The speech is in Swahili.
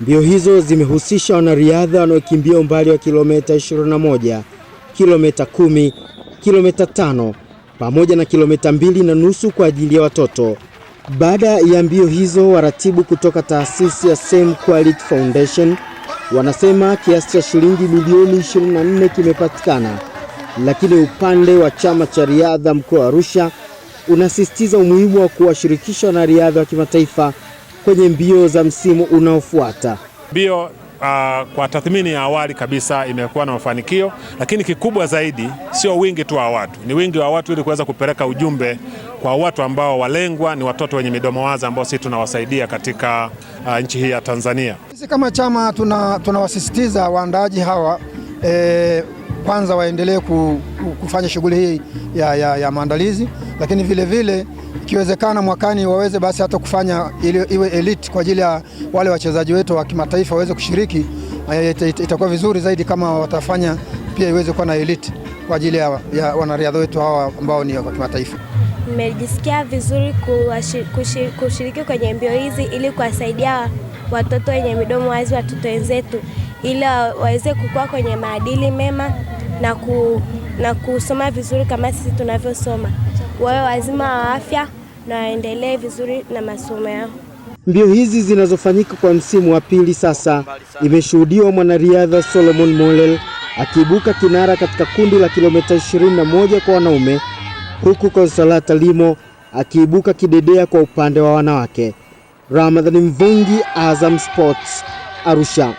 Mbio hizo zimehusisha wanariadha wanaokimbia umbali wa kilomita 21, kilomita 10, kilomita 5 pamoja na kilomita mbili na nusu kwa ajili ya watoto. Baada ya mbio hizo, waratibu kutoka taasisi ya Same Quality Foundation wanasema kiasi cha shilingi milioni 24 kimepatikana, lakini upande wa chama cha riadha mkoa wa Arusha unasisitiza umuhimu wa kuwashirikisha wanariadha wa kimataifa kwenye mbio za msimu unaofuata. Mbio Uh, kwa tathmini ya awali kabisa imekuwa na mafanikio, lakini kikubwa zaidi sio wingi tu wa watu, ni wingi wa watu ili kuweza kupeleka ujumbe kwa watu ambao walengwa ni watoto wenye midomo wazi ambao sisi tunawasaidia katika uh, nchi hii ya Tanzania. Sisi kama chama tunawasisitiza tuna waandaaji hawa eh, kwanza waendelee kufanya shughuli hii ya, ya, ya maandalizi, lakini vilevile ikiwezekana mwakani waweze basi hata kufanya ili, iwe elite kwa ajili ya wale wachezaji wetu wa kimataifa waweze kushiriki. Itakuwa vizuri zaidi kama watafanya pia iweze kuwa na elite kwa ajili ya, ya wanariadha wetu hawa ambao ni wa kimataifa. Mmejisikia vizuri kushiriki kwenye mbio hizi ili kuwasaidia watoto wenye midomo wazi, watoto wenzetu ili waweze kukua kwenye maadili mema na, ku, na kusoma vizuri kama sisi tunavyosoma. Wawe wazima wa afya na waendelee vizuri na masomo yao. Mbio hizi zinazofanyika kwa msimu wa pili sasa, imeshuhudiwa mwanariadha Solomon Molel akiibuka kinara katika kundi la kilomita 21 kwa wanaume, huku Konsolata Limo akiibuka kidedea kwa upande wa wanawake. Ramadhani Mvungi, Azam Sports, Arusha.